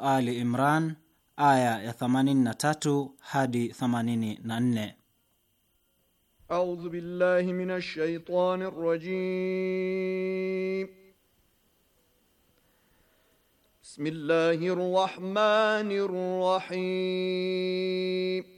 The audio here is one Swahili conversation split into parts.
Ali Imran aya ya 83 hadi 84. A'udhu billahi minash shaitanir rajim. Bismillahir rahmanir rahim.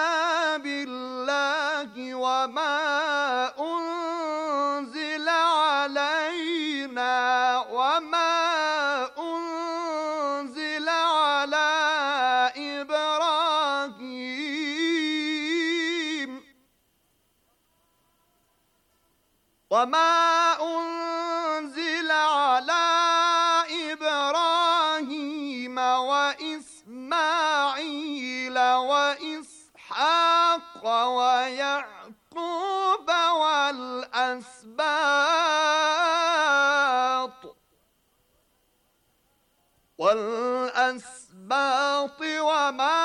والأسباط وما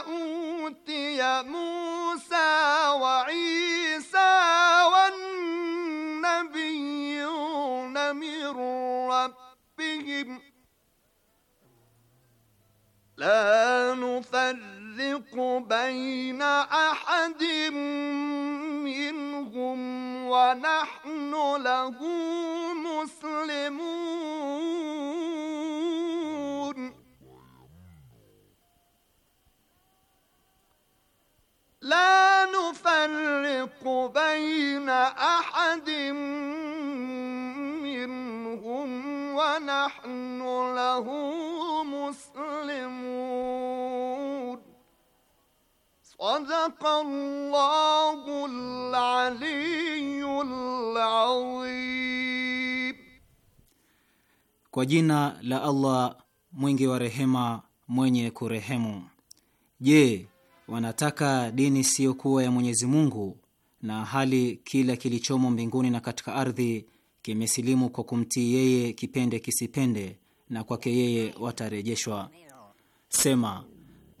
أوتي موسى وعيسى والنبيون من ربهم لا نفرق بين أحد منهم ونحن له بين أحد منهم ونحن له مسلمون صدق الله العلي العظيم Kwa jina la Allah mwingi wa rehema mwenye kurehemu. Je, wanataka dini siyokuwa ya Mwenyezi Mungu na hali kila kilichomo mbinguni na katika ardhi kimesilimu kwa kumtii yeye, kipende kisipende, na kwake yeye watarejeshwa. Sema,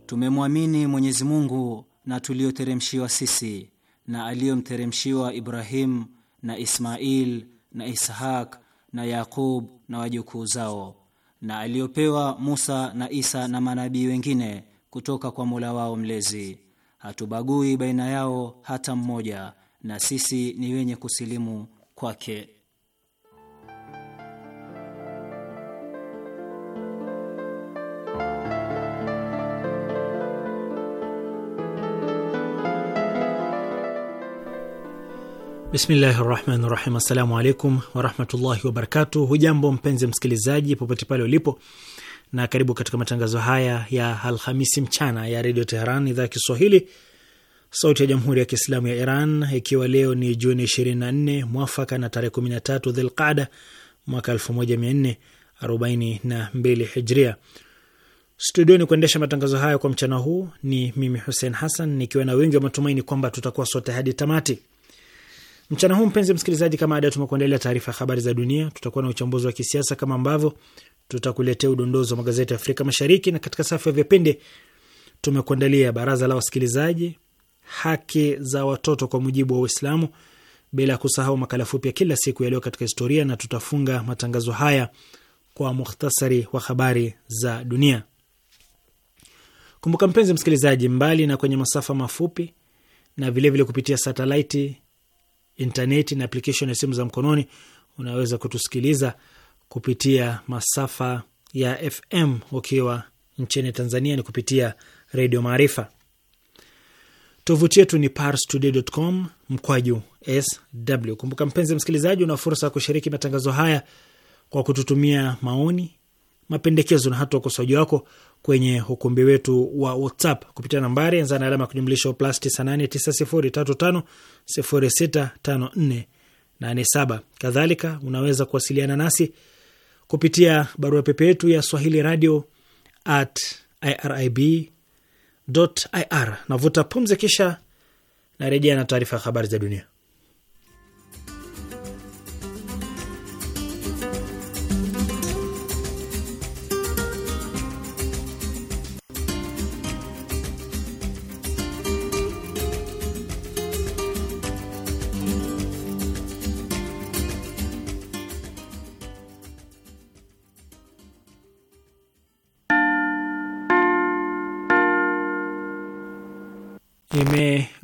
tumemwamini Mwenyezi Mungu na tuliyoteremshiwa sisi na aliyomteremshiwa Ibrahimu na Ismail na Ishaq na Yaqub na wajukuu zao na aliyopewa Musa na Isa na manabii wengine kutoka kwa Mola wao mlezi hatubagui baina yao hata mmoja, na sisi ni wenye kusilimu kwake. Bismillahi rahmani rahim. Assalamu alaikum warahmatullahi wabarakatuh. Hujambo mpenzi msikilizaji, popote pale ulipo na karibu katika matangazo haya ya Alhamisi mchana ya Redio Teheran, idhaa ya Kiswahili, sauti ya Jamhuri ya Kiislamu ya Iran, ikiwa leo ni Juni 24 mwafaka na tarehe 13 Dhilqada mwaka 1442 Hijria. Studioni kuendesha matangazo haya kwa mchana huu ni mimi Hussein Hassan, nikiwa na wengi wa matumaini kwamba tutakuwa sote hadi tamati mchana huu. Mpenzi msikilizaji, kama ada, tumekuandalia taarifa ya habari za dunia, tutakuwa na uchambuzi wa kisiasa kama ambavyo tutakuletea udondozi wa magazeti ya Afrika Mashariki, na katika safu ya vipindi tumekuandalia baraza la wasikilizaji, haki za watoto kwa mujibu wa Uislamu, bila kusahau makala fupi ya kila siku yaliyo katika historia, na tutafunga matangazo haya kwa mukhtasari wa habari za dunia. Kumbuka mpenzi msikilizaji, mbali na kwenye masafa mafupi na vilevile vile kupitia satelaiti, intaneti na aplikeshon ya simu za mkononi, unaweza kutusikiliza kupitia masafa ya FM. Ukiwa nchini Tanzania ni kupitia Redio Maarifa. Tovuti yetu ni parstoday.com mkwaju sw. Kumbuka mpenzi msikilizaji, una fursa ya kushiriki matangazo haya kwa kututumia maoni, mapendekezo na hata ukosoaji wako kwenye ukumbi wetu wa WhatsApp kupitia nambari anza na alama kujumlisha plus 989035065487. Kadhalika unaweza kuwasiliana nasi kupitia barua pepe yetu ya swahili radio at irib ir. Navuta pumzi, kisha narejea na taarifa ya habari za dunia.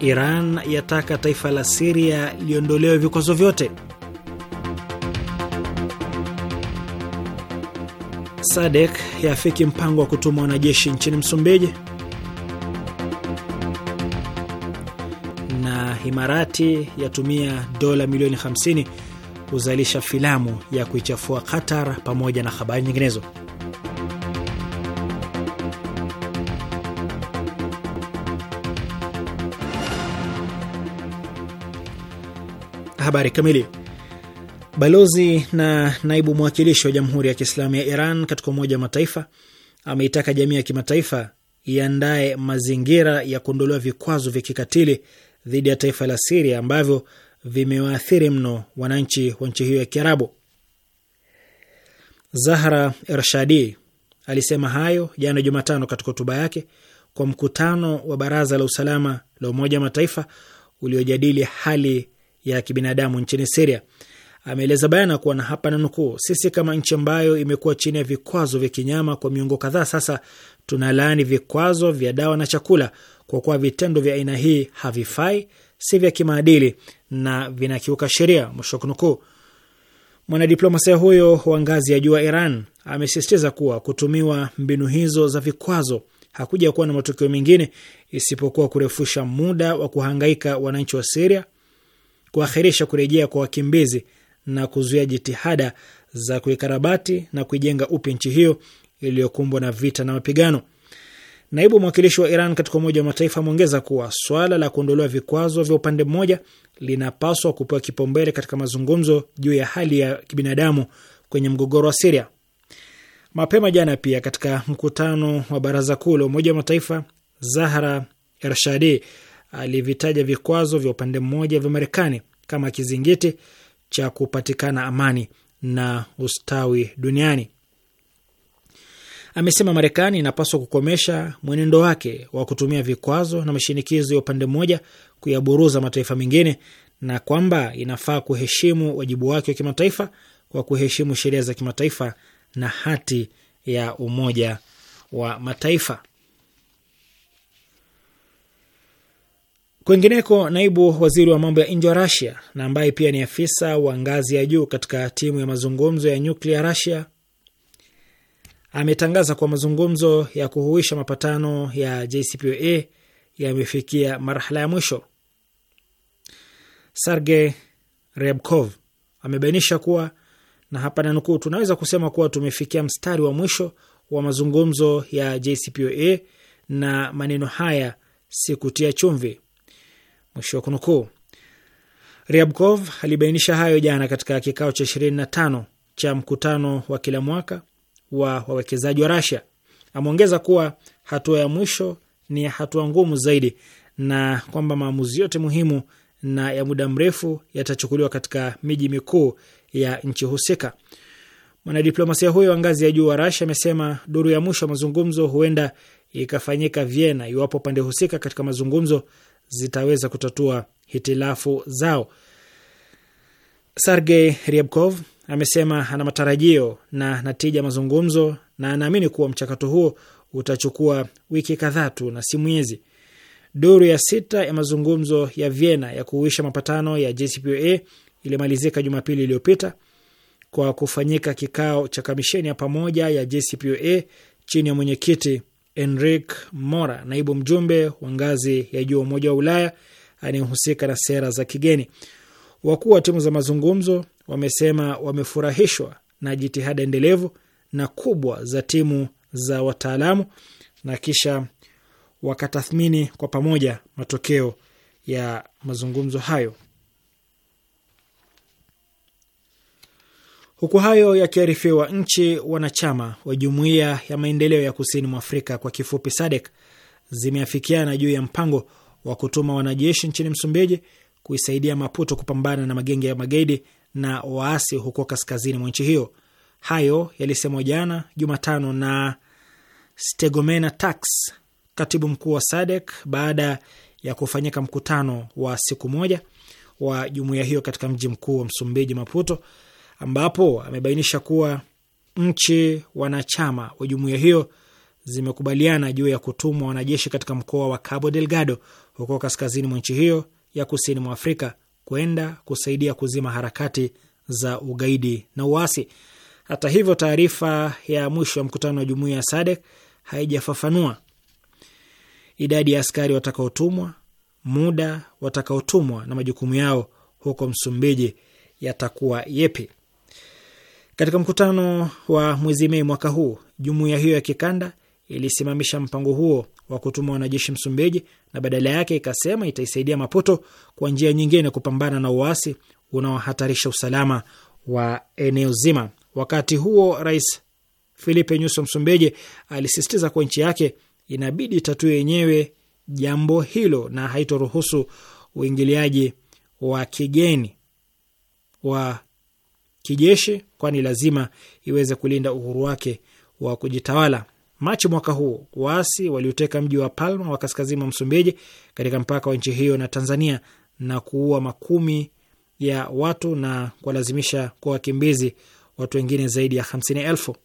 Iran yataka taifa la Siria liondolewe vikwazo vyote. Sadek yafiki mpango wa kutuma wanajeshi nchini Msumbiji. Na Imarati yatumia dola milioni 50 kuzalisha filamu ya kuichafua Qatar, pamoja na habari nyinginezo. Habari kamili. Balozi na naibu mwakilishi wa Jamhuri ya Kiislamu ya Iran katika Umoja wa Mataifa ameitaka jamii ya kimataifa iandae mazingira ya kuondolewa vikwazo vya kikatili dhidi ya taifa la Siria ambavyo vimewaathiri mno wananchi wa nchi hiyo ya Kiarabu. Zahra Ershadi alisema hayo jana Jumatano katika hotuba yake kwa mkutano wa Baraza la Usalama la Umoja wa Mataifa uliojadili hali ya kibinadamu nchini Siria. Ameeleza bayana kuwa na hapa na nukuu, sisi kama nchi ambayo imekuwa chini ya vikwazo vya kinyama kwa miongo kadhaa sasa, tunalaani vikwazo vya dawa na chakula kwa kuwa vitendo vya aina hii havifai, si vya kimaadili na vinakiuka sheria, mwisho wa kunukuu. Mwanadiplomasia huyo wa ngazi ya juu wa Iran amesisitiza kuwa kutumiwa mbinu hizo za vikwazo hakuja kuwa na matokeo mengine isipokuwa kurefusha muda wa kuhangaika wananchi wa Siria kuahirisha kurejea kwa wakimbizi na kuzuia jitihada za kuikarabati na kuijenga upya nchi hiyo iliyokumbwa na vita na mapigano. Naibu mwakilishi wa Iran katika Umoja wa Mataifa ameongeza kuwa swala la kuondolewa vikwazo vya upande mmoja linapaswa kupewa kipaumbele katika mazungumzo juu ya hali ya kibinadamu kwenye mgogoro wa Siria. Mapema jana pia katika mkutano wa Baraza Kuu la Umoja wa Mataifa, Zahra Ershadi alivitaja vikwazo vya upande mmoja vya Marekani kama kizingiti cha kupatikana amani na ustawi duniani. Amesema Marekani inapaswa kukomesha mwenendo wake wa kutumia vikwazo na mashinikizo ya upande mmoja kuyaburuza mataifa mengine na kwamba inafaa kuheshimu wajibu wake wa kimataifa kwa kuheshimu sheria za kimataifa na hati ya Umoja wa Mataifa. Kwingineko, naibu waziri wa mambo ya nje wa Rasia na ambaye pia ni afisa wa ngazi ya juu katika timu ya mazungumzo ya nyuklia Rasia ametangaza kuwa mazungumzo ya kuhuisha mapatano ya JCPOA yamefikia marhala ya mwisho. Sergey rebkov amebainisha kuwa na hapa na nukuu, tunaweza kusema kuwa tumefikia mstari wa mwisho wa mazungumzo ya JCPOA, na maneno haya sikutia chumvi Mwisho wa kunukuu. Ryabkov alibainisha hayo jana katika kikao cha 25 cha mkutano wa kila mwaka wa wawekezaji wa Rasia. Ameongeza kuwa hatua ya mwisho ni hatua ngumu zaidi na kwamba maamuzi yote muhimu na ya muda mrefu yatachukuliwa katika miji mikuu ya nchi husika. Mwanadiplomasia huyo wa ngazi ya juu wa Rasia amesema duru ya mwisho ya mazungumzo huenda ikafanyika Vienna iwapo pande husika katika mazungumzo zitaweza kutatua hitilafu zao. Sergey Ryabkov amesema ana matarajio na natija mazungumzo na anaamini kuwa mchakato huo utachukua wiki kadhaa tu na si mwezi. Duru ya sita ya mazungumzo ya Vienna ya kuhuisha mapatano ya JCPOA ilimalizika Jumapili iliyopita kwa kufanyika kikao cha kamisheni ya pamoja ya JCPOA chini ya mwenyekiti Enrique Mora, naibu mjumbe wa ngazi ya juu wa Umoja wa Ulaya anayehusika na sera za kigeni. Wakuu wa timu za mazungumzo wamesema wamefurahishwa na jitihada endelevu na kubwa za timu za wataalamu na kisha wakatathmini kwa pamoja matokeo ya mazungumzo hayo. Huku hayo yakiarifiwa, nchi wanachama wa Jumuiya ya Maendeleo ya Kusini mwa Afrika kwa kifupi SADC zimeafikiana juu ya mpango wa kutuma wanajeshi nchini Msumbiji kuisaidia Maputo kupambana na magenge ya magaidi na waasi huko kaskazini mwa nchi hiyo. Hayo yalisemwa jana Jumatano na Stegomena Tax, katibu mkuu wa SADC baada ya kufanyika mkutano wa siku moja wa jumuiya hiyo katika mji mkuu wa Msumbiji, Maputo, ambapo amebainisha kuwa nchi wanachama wa jumuiya hiyo zimekubaliana juu ya kutumwa wanajeshi katika mkoa wa Cabo Delgado huko kaskazini mwa nchi hiyo ya kusini mwa Afrika kwenda kusaidia kuzima harakati za ugaidi na uasi. Hata hivyo, taarifa ya mwisho ya mkutano wa jumuiya ya SADC haijafafanua idadi ya askari watakaotumwa, muda watakaotumwa na majukumu yao huko Msumbiji yatakuwa yepi. Katika mkutano wa mwezi Mei mwaka huu, jumuiya hiyo ya kikanda ilisimamisha mpango huo wa kutuma wanajeshi Msumbiji na badala yake ikasema itaisaidia Maputo kwa njia nyingine kupambana na uasi unaohatarisha usalama wa eneo zima. Wakati huo, Rais Filipe Nyuso Msumbiji alisisitiza kuwa nchi yake inabidi itatue yenyewe jambo hilo na haitoruhusu uingiliaji wa kigeni wa kijeshi kwani lazima iweze kulinda uhuru wake wa kujitawala. Machi mwaka huu waasi waliuteka mji wa Palma wa kaskazini mwa Msumbiji katika mpaka wa nchi hiyo na Tanzania na kuua makumi ya watu na kuwalazimisha kuwa wakimbizi watu wengine zaidi ya hamsini elfu.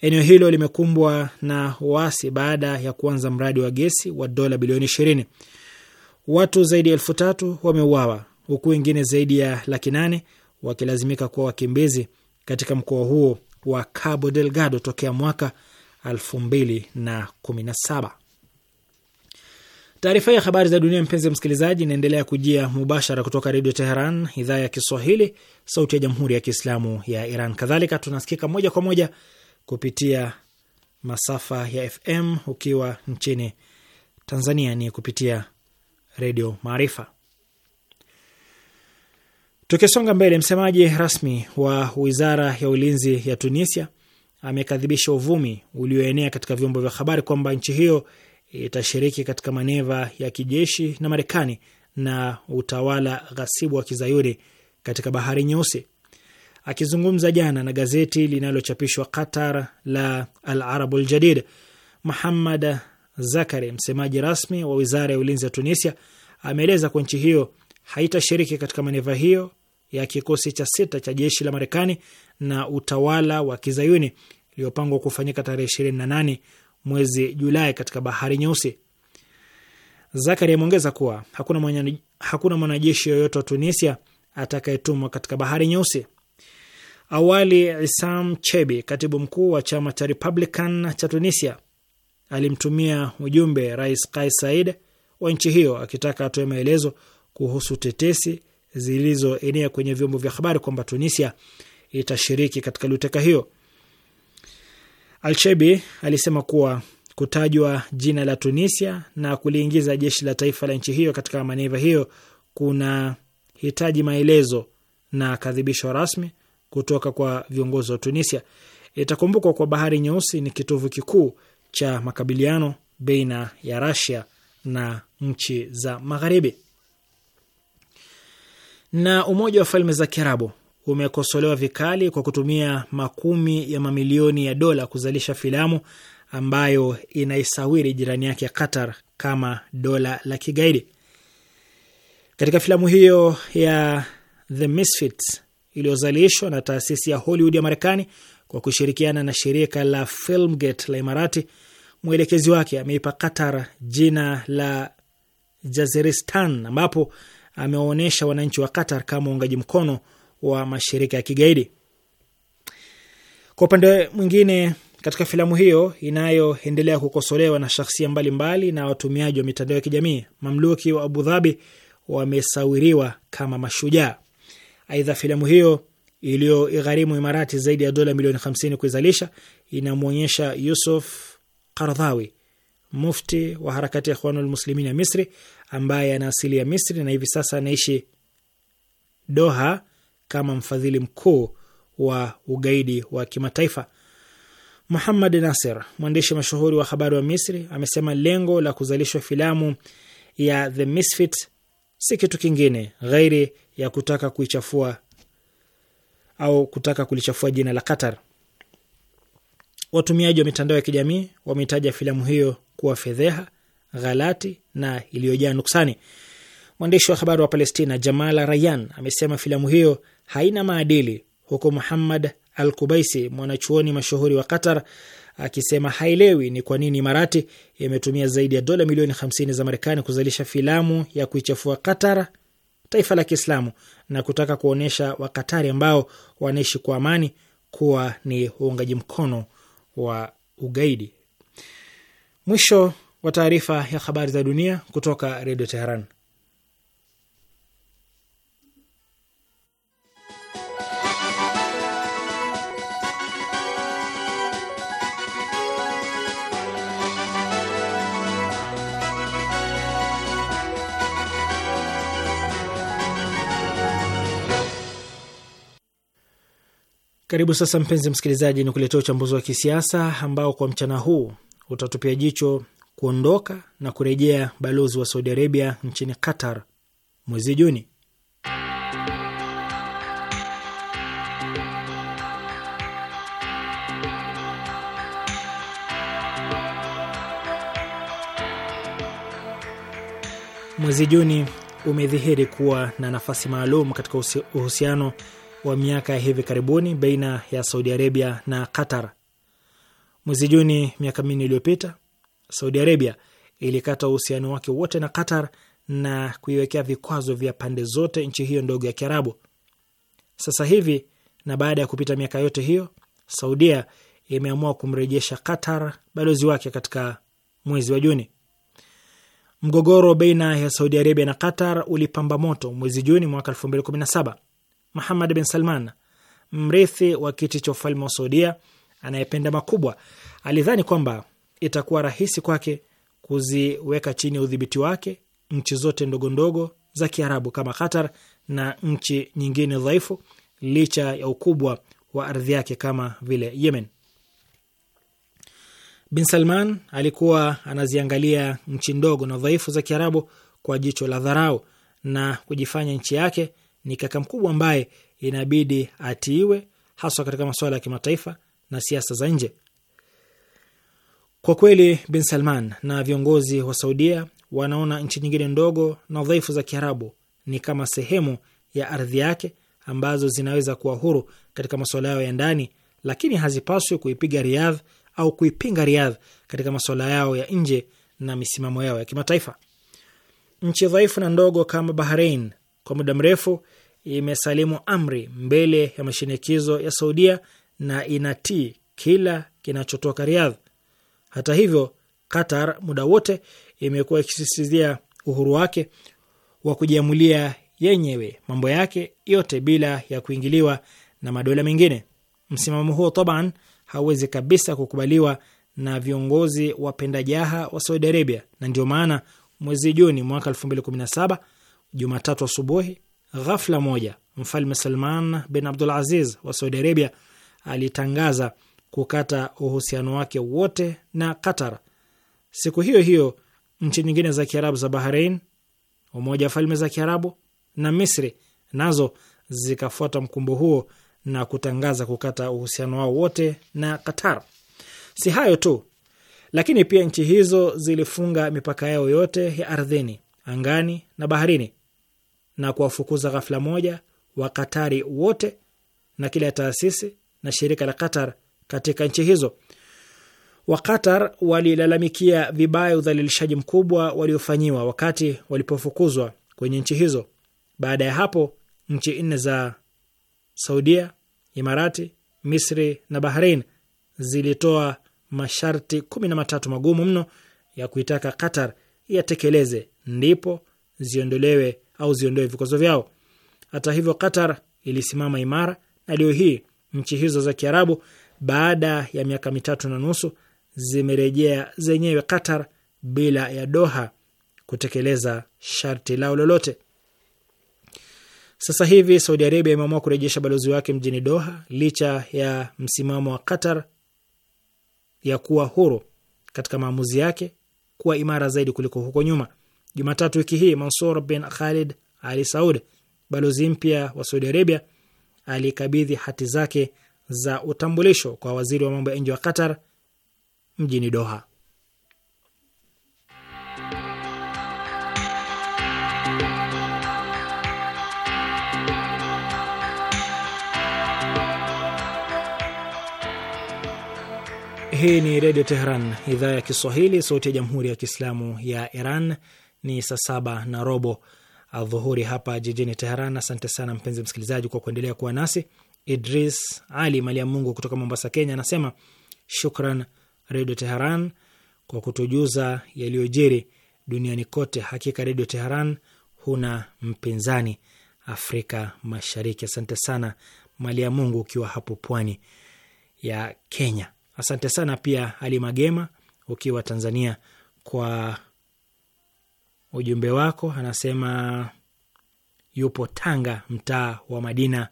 Eneo hilo limekumbwa na waasi baada ya kuanza mradi wa gesi wa dola bilioni ishirini. Watu zaidi ya elfu tatu wameuawa huku wengine zaidi ya laki nane wakilazimika kuwa wakimbizi katika mkoa huo wa Cabo Delgado tokea mwaka 2017. Taarifa ya habari za dunia, mpenzi msikilizaji, inaendelea kujia mubashara kutoka Redio Teheran, idhaa ya Kiswahili, sauti ya Jamhuri ya Kiislamu ya Iran. Kadhalika tunasikika moja kwa moja kupitia masafa ya FM. Ukiwa nchini Tanzania ni kupitia Redio Maarifa. Tukisonga mbele, msemaji rasmi wa wizara ya ulinzi ya Tunisia amekadhibisha uvumi ulioenea katika vyombo vya habari kwamba nchi hiyo itashiriki katika maneva ya kijeshi na Marekani na utawala ghasibu wa kizayuni katika bahari nyeusi. Akizungumza jana na gazeti linalochapishwa Qatar la Al Arabu Ljadid, Muhammad Zakari, msemaji rasmi wa wizara ya ulinzi ya Tunisia, ameeleza kuwa nchi hiyo haitashiriki katika maneva hiyo ya kikosi cha sita cha jeshi la Marekani na utawala wa kizayuni iliyopangwa kufanyika tarehe nane mwezi Julai katika Bahari Nyeusi. Zakari ameongeza kuwa hakuna hakuna mwanajeshi yoyote wa Tunisia atakayetumwa katika Bahari Nyeusi. Awali Isam Chebi, katibu mkuu wa chama cha Republican cha Tunisia, alimtumia ujumbe Rais Kais Said wa nchi hiyo akitaka atoe maelezo kuhusu tetesi zilizoenea kwenye vyombo vya habari kwamba Tunisia itashiriki katika luteka hiyo. Alshebi alisema kuwa kutajwa jina la Tunisia na kuliingiza jeshi la taifa la nchi hiyo katika maneva hiyo kuna hitaji maelezo na kadhibisho rasmi kutoka kwa viongozi wa Tunisia. Itakumbukwa kwa Bahari Nyeusi ni kitovu kikuu cha makabiliano baina ya Rasia na nchi za Magharibi. Na Umoja wa Falme za Kiarabu umekosolewa vikali kwa kutumia makumi ya mamilioni ya dola kuzalisha filamu ambayo inaisawiri jirani yake ya Qatar kama dola la kigaidi. Katika filamu hiyo ya The Misfits iliyozalishwa na taasisi ya Hollywood ya Marekani kwa kushirikiana na shirika la Filmgate la Imarati, mwelekezi wake ameipa Qatar jina la Jaziristan ambapo amewaonyesha wananchi wa Qatar kama waungaji mkono wa mashirika ya kigaidi. Kwa upande mwingine, katika filamu hiyo inayoendelea kukosolewa na shahsia mbalimbali na watumiaji wa mitandao ya kijamii, mamluki wa Abu Dhabi wamesawiriwa kama mashujaa. Aidha, filamu hiyo iliyoigharimu Imarati zaidi ya dola milioni 50 kuizalisha inamwonyesha Yusuf Kardhawi mufti wa harakati ya Ikhwanul Muslimin ya Misri ambaye ana asili ya Misri na hivi sasa anaishi Doha kama mfadhili mkuu wa ugaidi wa kimataifa. Muhammad Nasir, mwandishi mashuhuri wa habari wa Misri, amesema lengo la kuzalishwa filamu ya The Misfit si kitu kingine ghairi ya kutaka kuichafua au kutaka kulichafua jina la Qatar. Watumiaji wa mitandao ya kijamii wameitaja filamu hiyo kuwa fedheha, ghalati na iliyojaa nuksani. Mwandishi wa habari wa Palestina Jamala Rayan amesema filamu hiyo haina maadili, huku Muhammad Al Kubaisi, mwanachuoni mashuhuri wa Qatar, akisema haelewi ni kwa nini Imarati imetumia zaidi ya dola milioni 50 za Marekani kuzalisha filamu ya kuichafua Qatar, taifa la Kiislamu, na kutaka kuonyesha Wakatari ambao wanaishi kwa amani kuwa ni uungaji mkono wa ugaidi. Mwisho wa taarifa ya habari za dunia kutoka Redio Teheran. Karibu sasa, mpenzi msikilizaji, ni kuletea uchambuzi wa kisiasa ambao kwa mchana huu utatupia jicho kuondoka na kurejea balozi wa Saudi Arabia nchini Qatar mwezi Juni. Mwezi Juni umedhihiri kuwa na nafasi maalum katika uhusiano wa miaka ya hivi karibuni baina ya Saudi Arabia na Qatar. Mwezi Juni miaka minne iliyopita, Saudi Arabia ilikata uhusiano wake wote na Qatar na kuiwekea vikwazo vya pande zote nchi hiyo ndogo ya Kiarabu. Sasa hivi na baada ya kupita miaka yote hiyo, Saudia imeamua kumrejesha Qatar balozi wake katika mwezi wa Juni. Mgogoro baina ya Saudi Arabia na Qatar ulipamba moto mwezi Juni mwaka Muhammad bin Salman, mrithi wa kiti cha ufalme wa Saudia anayependa makubwa, alidhani kwamba itakuwa rahisi kwake kuziweka chini ya udhibiti wake nchi zote ndogo ndogo za Kiarabu kama Qatar na nchi nyingine dhaifu licha ya ukubwa wa ardhi yake kama vile Yemen. Bin Salman alikuwa anaziangalia nchi ndogo na dhaifu za Kiarabu kwa jicho la dharau na kujifanya nchi yake ni kaka mkubwa ambaye inabidi atiiwe, haswa katika masuala ya kimataifa na siasa za nje. Kwa kweli, Bin Salman na viongozi wa Saudia wanaona nchi nyingine ndogo na dhaifu za Kiarabu ni kama sehemu ya ardhi yake ambazo zinaweza kuwa huru katika masuala yao ya ndani, lakini hazipaswi kuipiga Riyadh au kuipinga Riyadh katika masuala yao ya nje na misimamo yao ya kimataifa. Nchi dhaifu na ndogo kama Bahrain, kwa muda mrefu imesalimu amri mbele ya mashinikizo ya Saudia na inatii kila kinachotoka Riadh. Hata hivyo, Qatar muda wote imekuwa ikisisitiza uhuru wake wa kujiamulia yenyewe mambo yake yote bila ya kuingiliwa na madola mengine. Msimamo huo taban hauwezi kabisa kukubaliwa na viongozi wapenda jaha wa Saudi Arabia, na ndio maana mwezi Juni mwaka 2017 Jumatatu asubuhi, ghafla moja, Mfalme Salman bin Abdul Aziz wa Saudi Arabia alitangaza kukata uhusiano wake wote na Qatar. Siku hiyo hiyo, nchi nyingine za Kiarabu za Bahrain, Umoja wa Falme za Kiarabu na Misri nazo zikafuata mkumbo huo na kutangaza kukata uhusiano wao wote na Qatar. Si hayo tu, lakini pia nchi hizo zilifunga mipaka yao yote ya ardhini, angani na baharini na kuwafukuza ghafla moja wa Katari wote na kila taasisi na shirika la Qatar katika nchi hizo. Wa Qatar walilalamikia vibaya udhalilishaji mkubwa waliofanyiwa wakati walipofukuzwa kwenye nchi hizo. Baada ya hapo, nchi nne za Saudia, Imarati, Misri na Bahrain zilitoa masharti kumi na matatu magumu mno ya kuitaka Qatar yatekeleze ndipo ziondolewe au ziondoe vikwazo vyao. Hata hivyo, Qatar ilisimama imara na leo hii nchi hizo za Kiarabu baada ya miaka mitatu na nusu zimerejea zenyewe Qatar bila ya Doha kutekeleza sharti lao lolote. Sasa hivi Saudi Arabia imeamua kurejesha balozi wake mjini Doha licha ya msimamo wa Qatar ya kuwa huru katika maamuzi yake kuwa imara zaidi kuliko huko nyuma. Jumatatu wiki hii Mansur bin Khalid Ali Saud, balozi mpya wa Saudi Arabia, alikabidhi hati zake za utambulisho kwa waziri wa mambo ya nje wa Qatar mjini Doha. Hii ni Redio Teheran, idhaa ya Kiswahili, sauti ya Jamhuri ya Kiislamu ya Iran ni saa saba na robo adhuhuri hapa jijini Teheran. Asante sana mpenzi msikilizaji kwa kuendelea kuwa nasi. Idris Ali Malia Mungu kutoka Mombasa, Kenya anasema shukran Redio Teheran kwa kutujuza yaliyojiri duniani kote. Hakika Redio Teheran huna mpinzani Afrika Mashariki. Asante sana Malia Mungu ukiwa hapo pwani ya Kenya. Asante sana pia Ali Magema ukiwa Tanzania kwa ujumbe wako. Anasema yupo Tanga, mtaa wa Madina,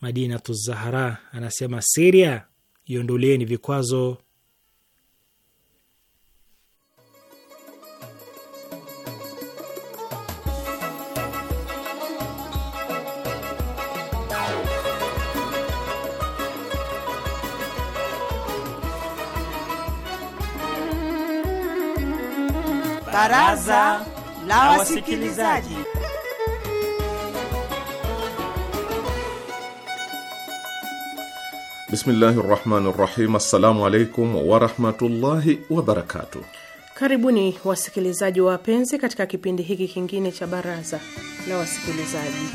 Madinatu tuzahara Anasema Siria iondoleni vikwazo Baraza la Wasikilizaji. Bismillahi rahmani rahim. Assalamu alaikum warahmatullahi wabarakatuh. Karibuni wasikilizaji wapenzi, katika kipindi hiki kingine cha Baraza la Wasikilizaji.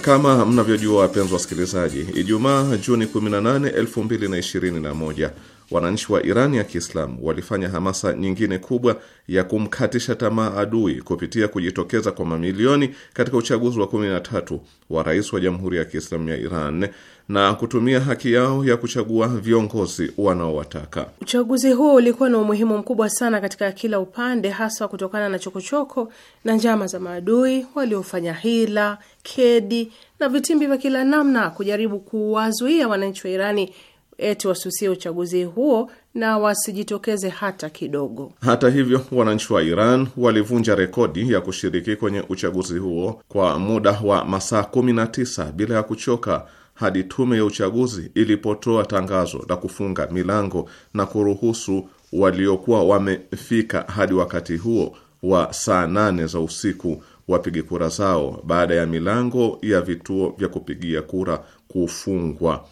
Kama mnavyojua wapenzi wasikilizaji, Ijumaa Juni 18, 2021 wananchi wa Iran ya Kiislamu walifanya hamasa nyingine kubwa ya kumkatisha tamaa adui kupitia kujitokeza kwa mamilioni katika uchaguzi wa 13 wa rais wa Jamhuri ya Kiislamu ya Iran na kutumia haki yao ya kuchagua viongozi wanaowataka. Uchaguzi huo ulikuwa na umuhimu mkubwa sana katika kila upande, haswa kutokana na chokochoko na njama za maadui waliofanya hila, kedi na vitimbi vya kila namna kujaribu kuwazuia wananchi wa Irani eti wasusie uchaguzi huo na wasijitokeze hata kidogo. Hata hivyo, wananchi wa Iran walivunja rekodi ya kushiriki kwenye uchaguzi huo kwa muda wa masaa 19 bila ya kuchoka hadi tume ya uchaguzi ilipotoa tangazo la kufunga milango na kuruhusu waliokuwa wamefika hadi wakati huo wa saa nane za usiku wapige kura zao baada ya milango ya vituo vya kupigia kura kufungwa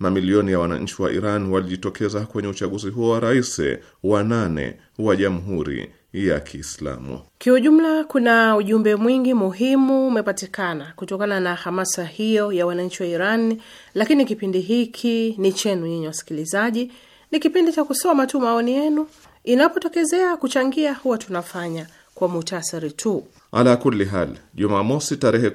Mamilioni ya wananchi wa Iran walijitokeza kwenye uchaguzi huo wa rais wa nane wa jamhuri ya Kiislamu. Kiujumla, kuna ujumbe mwingi muhimu umepatikana kutokana na hamasa hiyo ya wananchi wa Iran, lakini kipindi hiki ni chenu nyinyi wasikilizaji, ni kipindi cha kusoma tu maoni yenu, inapotokezea kuchangia huwa tunafanya kwa muhtasari tu. Ala kulli hal, Jumamosi tarehe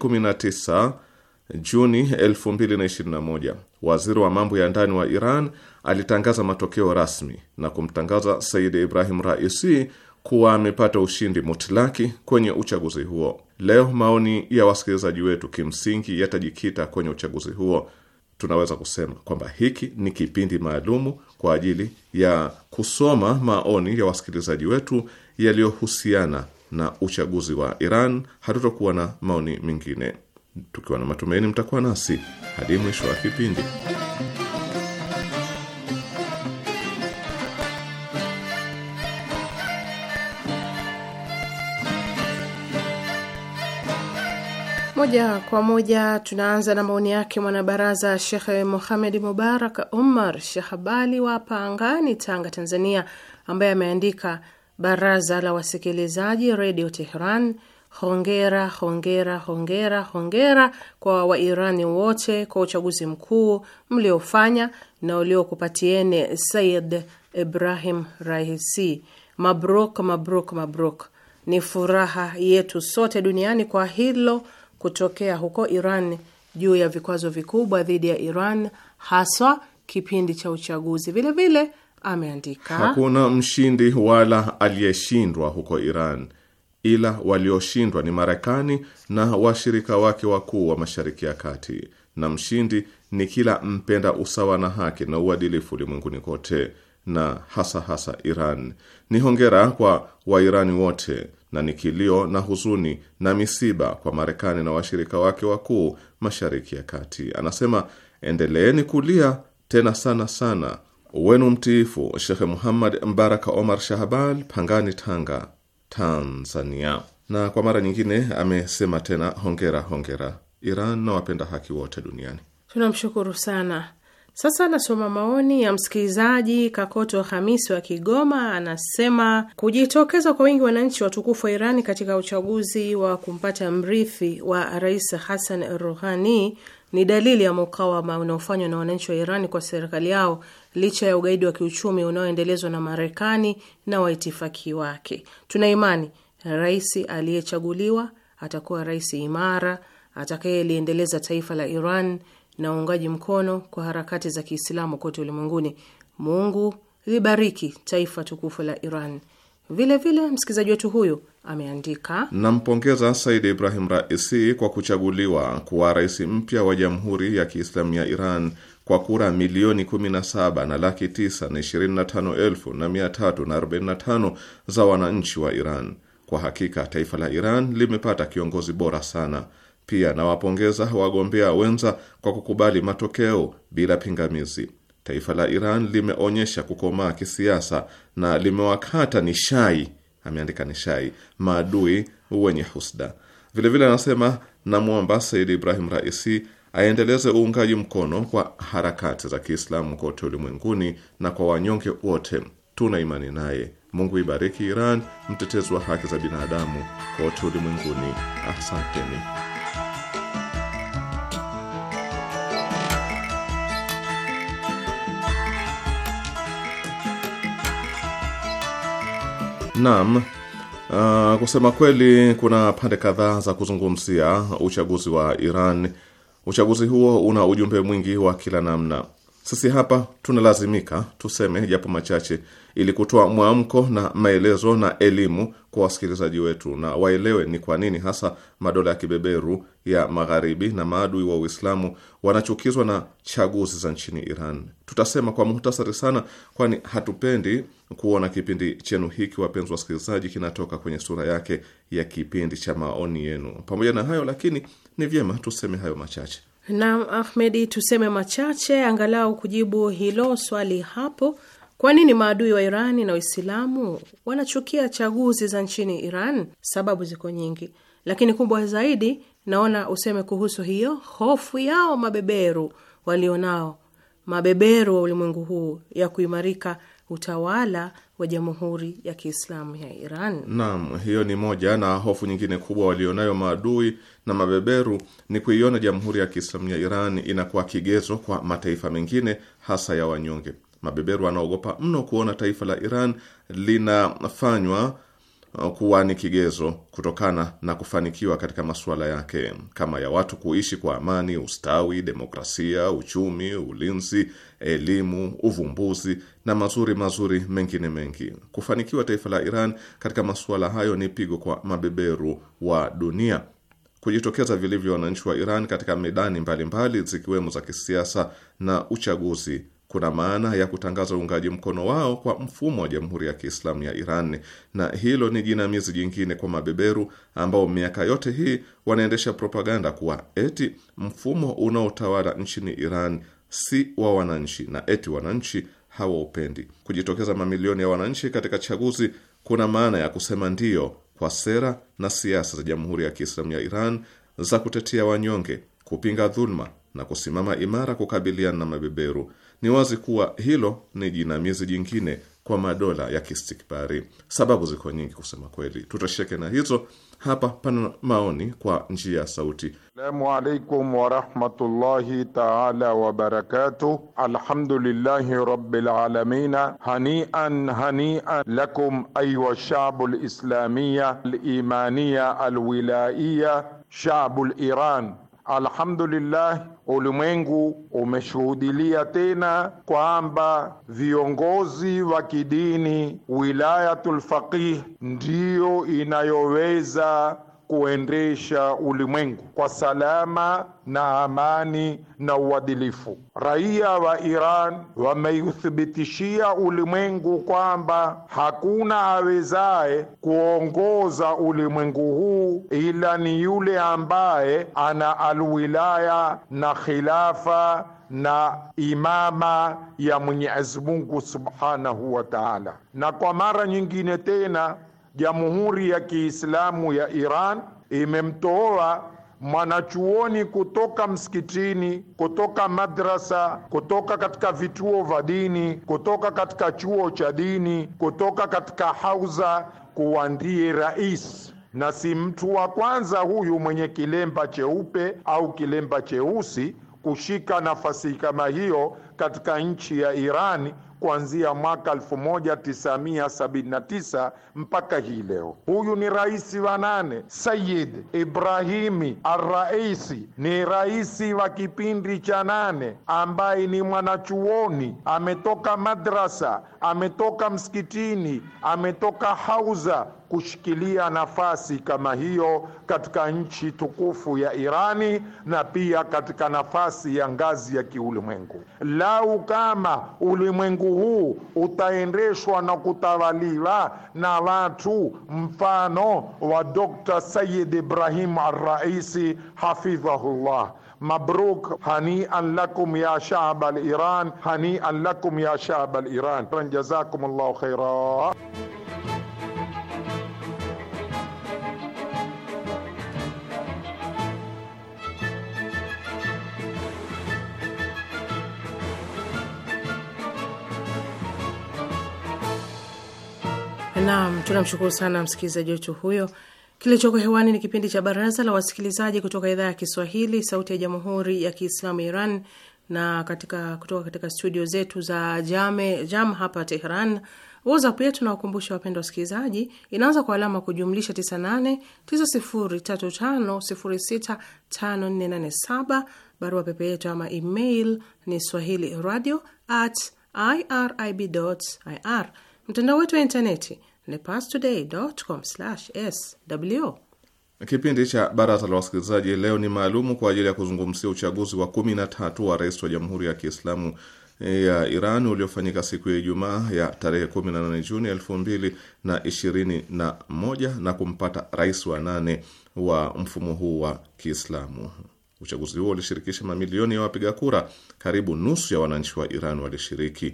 Juni 2021 waziri wa mambo ya ndani wa Iran alitangaza matokeo rasmi na kumtangaza Said Ibrahim Raisi kuwa amepata ushindi mutlaki kwenye uchaguzi huo. Leo maoni ya wasikilizaji wetu kimsingi yatajikita kwenye uchaguzi huo. Tunaweza kusema kwamba hiki ni kipindi maalumu kwa ajili ya kusoma maoni ya wasikilizaji wetu yaliyohusiana na uchaguzi wa Iran. Hatutokuwa na maoni mengine tukiwa na matumaini mtakuwa nasi hadi mwisho wa kipindi. Moja kwa moja tunaanza na maoni yake mwanabaraza Shekhe Muhamed Mubarak umar shehabali wa Pangani, Tanga, Tanzania, ambaye ameandika: baraza la wasikilizaji redio Teheran Hongera, hongera, hongera, hongera kwa Wairani wote kwa uchaguzi mkuu mliofanya na uliokupatieni Said Ibrahim Raisi. Mabruk, mabruk, mabruk. Ni furaha yetu sote duniani kwa hilo kutokea huko Iran juu ya vikwazo vikubwa dhidi ya Iran haswa kipindi cha uchaguzi. Vilevile ameandika hakuna mshindi wala aliyeshindwa huko Iran ila walioshindwa ni Marekani na washirika wake wakuu wa Mashariki ya Kati, na mshindi ni kila mpenda usawa na haki na uadilifu ulimwenguni kote na hasa hasa Iran. Ni hongera kwa Wairani wote na ni kilio na huzuni na misiba kwa Marekani na washirika wake wakuu Mashariki ya Kati. Anasema, endeleeni kulia tena sana sana. Wenu mtiifu Shekhe Muhammad Mbaraka Omar Shahbal, Pangani, Tanga. Tanzania. Na kwa mara nyingine amesema tena hongera, hongera Iran na wapenda haki wote duniani. Tunamshukuru sana. Sasa anasoma maoni ya msikilizaji Kakoto Hamisi wa Kigoma, anasema kujitokeza kwa wingi wananchi watukufu wa Irani katika uchaguzi wa kumpata mrithi wa Rais Hassan Rouhani ni dalili ya mukawama unaofanywa na wananchi wa Irani kwa serikali yao licha ya ugaidi wa kiuchumi unaoendelezwa na Marekani na waitifaki wake. Tuna imani rais aliyechaguliwa atakuwa rais imara atakayeliendeleza taifa la Iran na uungaji mkono kwa harakati za Kiislamu kote ulimwenguni. Mungu libariki taifa tukufu la Iran. Vilevile msikilizaji wetu huyu ameandika, nampongeza Said Ibrahim Raisi kwa kuchaguliwa kuwa rais mpya wa Jamhuri ya Kiislamu ya Iran kwa kura milioni 17 na laki 9 na 25 na 345 za wananchi wa Iran. Kwa hakika taifa la Iran limepata kiongozi bora sana. Pia nawapongeza wagombea wenza kwa kukubali matokeo bila pingamizi. Taifa la Iran limeonyesha kukomaa kisiasa na limewakata nishai, ameandika nishai, maadui wenye husda. Vilevile anasema namwomba Said Ibrahim Raisi aendeleze uungaji mkono kwa harakati za Kiislamu kote ulimwenguni na kwa wanyonge wote. Tuna imani naye. Mungu ibariki Iran, mtetezi wa haki za binadamu kote ulimwenguni. Asanteni. Naam. Uh, kusema kweli kuna pande kadhaa za kuzungumzia uchaguzi wa Iran Uchaguzi huo una ujumbe mwingi wa kila namna. Sisi hapa tunalazimika tuseme japo machache ili kutoa mwamko na maelezo na elimu kwa wasikilizaji wetu, na waelewe ni kwa nini hasa madola ya kibeberu ya magharibi na maadui wa Uislamu wanachukizwa na chaguzi za nchini Iran. Tutasema kwa muhtasari sana, kwani hatupendi kuona kipindi chenu hiki, wapenzi wasikilizaji, kinatoka kwenye sura yake ya kipindi cha maoni yenu. Pamoja na hayo lakini ni vyema tuseme hayo machache. Naam Ahmedi, tuseme machache angalau kujibu hilo swali hapo. Kwa nini maadui wa Irani na Waislamu wanachukia chaguzi za nchini Iran? Sababu ziko nyingi, lakini kubwa zaidi naona useme kuhusu hiyo hofu yao mabeberu walionao, mabeberu wa ulimwengu huu ya kuimarika utawala wa Jamhuri ya Kiislamu ya Iran. Naam, hiyo ni moja, na hofu nyingine kubwa walionayo maadui na mabeberu ni kuiona Jamhuri ya Kiislamu ya Iran inakuwa kigezo kwa mataifa mengine, hasa ya wanyonge. Mabeberu wanaogopa mno kuona taifa la Iran linafanywa Uh, kuwa ni kigezo kutokana na kufanikiwa katika masuala yake kama ya watu kuishi kwa amani, ustawi, demokrasia, uchumi, ulinzi, elimu, uvumbuzi na mazuri mazuri mengine mengi. Kufanikiwa taifa la Iran katika masuala hayo ni pigo kwa mabeberu wa dunia. Kujitokeza vilivyo wananchi wa Iran katika medani mbalimbali zikiwemo za kisiasa na uchaguzi kuna maana ya kutangaza uungaji mkono wao kwa mfumo wa Jamhuri ya Kiislamu ya Iran, na hilo ni jinamizi jingine kwa mabeberu ambao miaka yote hii wanaendesha propaganda kuwa eti mfumo unaotawala nchini Iran si wa wananchi na eti wananchi hawaupendi. Kujitokeza mamilioni ya wananchi katika chaguzi kuna maana ya kusema ndiyo kwa sera na siasa za Jamhuri ya Kiislamu ya Iran za kutetea wanyonge, kupinga dhuluma na kusimama imara kukabiliana na mabeberu ni wazi kuwa hilo ni jinamizi jingine kwa madola ya kistikbari. Sababu ziko nyingi kusema kweli, tutasheke na hizo. Hapa pana maoni kwa njia ya sauti. Assalamu alaikum warahmatullahi taala wabarakatuh. Alhamdulillahi rabbil alamin. Hanian hanian lakum aywa shabu lislamiya alimaniya alwilaiya shabu liran Alhamdulillah, ulimwengu umeshuhudilia tena kwamba viongozi wa kidini wilayatul faqih ndiyo inayoweza kuendesha ulimwengu kwa salama na amani na uadilifu. Raia wa Iran wameuthibitishia ulimwengu kwamba hakuna awezaye kuongoza ulimwengu huu ila ni yule ambaye ana alwilaya na khilafa na imama ya Mwenyezi Mungu Subhanahu wa Ta'ala. Na kwa mara nyingine tena Jamhuri ya Kiislamu ya Iran imemtoa mwanachuoni kutoka msikitini, kutoka madrasa, kutoka katika vituo vya dini, kutoka katika chuo cha dini, kutoka katika hauza kuwa ndiye rais na si mtu wa kwanza huyu mwenye kilemba cheupe au kilemba cheusi kushika nafasi kama hiyo katika nchi ya Irani kuanzia mwaka 1979 mpaka hii leo. Huyu ni rais wa nane, Sayid Ibrahimi Arraisi, ni raisi wa kipindi cha nane, ambaye ni mwanachuoni, ametoka madrasa, ametoka msikitini, ametoka hauza kushikilia nafasi kama hiyo katika nchi tukufu ya Irani na pia katika nafasi ya ngazi ya kiulimwengu. Lau kama ulimwengu huu utaendeshwa na kutawaliwa na watu mfano wa Dr. Sayyid Ibrahim al-Raisi hafidhahullah Mabruk, hanian lakum ya shab al-Iran, hanian lakum ya shab al-Iran, jazakumullahu khaira. Naam, tunamshukuru sana msikilizaji wetu huyo. Kilichoko hewani ni kipindi cha Baraza la Wasikilizaji kutoka idhaa ya Kiswahili, Sauti ya Jamhuri ya Kiislamu Iran, na katika kutoka katika studio zetu za Jame Jam hapa Tehran. WhatsApp yetu na wakumbusha wapendwa wasikilizaji, inaanza kwa alama kujumlisha 989035065487. Barua pepe yetu ama email ni swahili radio at irib.ir. Mtandao wetu wa intaneti sw Kipindi cha baraza la wasikilizaji leo ni maalumu kwa ajili ya kuzungumzia uchaguzi wa kumi na tatu wa rais wa Jamhuri ya Kiislamu eh, ya Iran uliofanyika siku ya Ijumaa ya tarehe 18 Juni 2021 na kumpata rais wa nane wa mfumo huu wa Kiislamu. Uchaguzi huo ulishirikisha mamilioni ya wapiga kura, karibu nusu ya wananchi wa Iran walishiriki.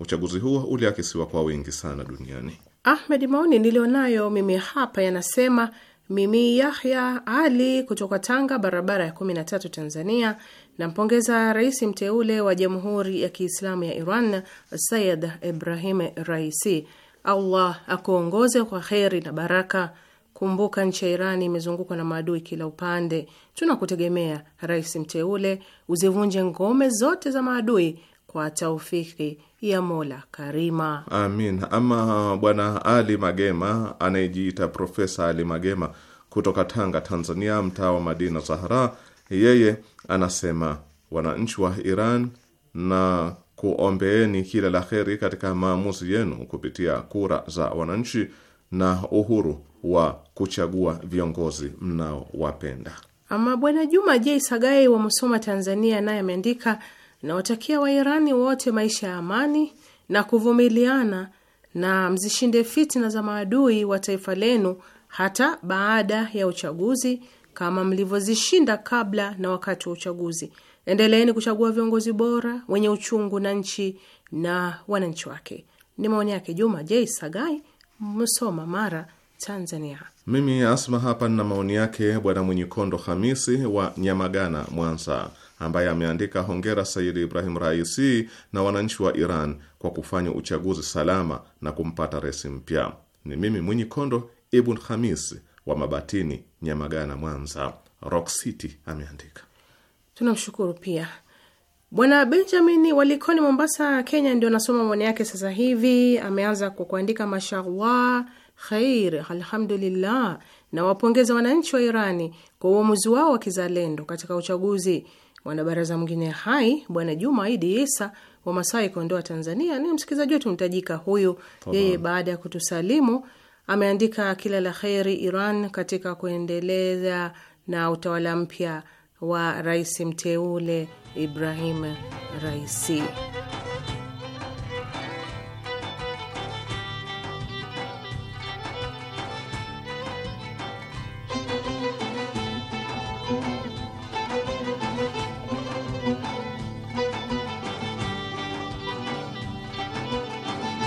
Uchaguzi huo uliakisiwa kwa wingi sana duniani. Ahmed, maoni niliyonayo mimi hapa yanasema mimi Yahya Ali kutoka Tanga, barabara ya na tatu Tanzania, nampongeza rais mteule wa Jamhuri ya Kiislamu ya Iran Sayid Ibrahim Raisi. Allah akuongoze kwa kheri na baraka. Kumbuka nchi ya Irani imezungukwa na maadui kila upande. Tunakutegemea rais mteule, uzivunje ngome zote za maadui kwa taufiki ya Mola Karima, amin. Ama Bwana Ali Magema anayejiita Profesa Ali Magema kutoka Tanga, Tanzania, mtaa wa Madina Zahara, yeye anasema wananchi wa Iran na kuombeeni kila la heri katika maamuzi yenu kupitia kura za wananchi na uhuru wa kuchagua viongozi mnaowapenda. Ama Bwana Juma J Sagai wa Musoma, Tanzania, naye ameandika Nawatakia Wairani wote maisha ya amani na kuvumiliana, na mzishinde fitna za maadui wa taifa lenu hata baada ya uchaguzi kama mlivyozishinda kabla na wakati wa uchaguzi. Endeleeni kuchagua viongozi bora wenye uchungu na nchi na wananchi wake. Ni maoni yake Juma J Sagai, Msoma, Mara, Tanzania. Mimi Asma hapa nina maoni yake Bwana Mwenyekondo Hamisi wa Nyamagana, Mwanza ambaye ameandika hongera Sayidi Ibrahim Raisi na wananchi wa Iran kwa kufanya uchaguzi salama na kumpata resi mpya. Ni mimi Mwinyi Kondo Ibn hamis wa Mabatini, Nyamagana, Mwanza, Rock City ameandika. Tunamshukuru pia Bwana Benjamin Walikoni, Mombasa, Kenya, ndio anasoma maoni yake sasa hivi. Ameanza kwa kuandika mashallah, khair, alhamdulillah, na wapongeza wananchi wa Irani kwa uamuzi wao wa kizalendo katika uchaguzi Mwanabaraza mwingine hai Bwana Juma Idi Isa wa Masai, Kondoa, Tanzania, ni msikilizaji wetu mtajika huyu. Yeye baada ya kutusalimu ameandika kila la kheri Iran katika kuendeleza na utawala mpya wa rais mteule Ibrahim Raisi.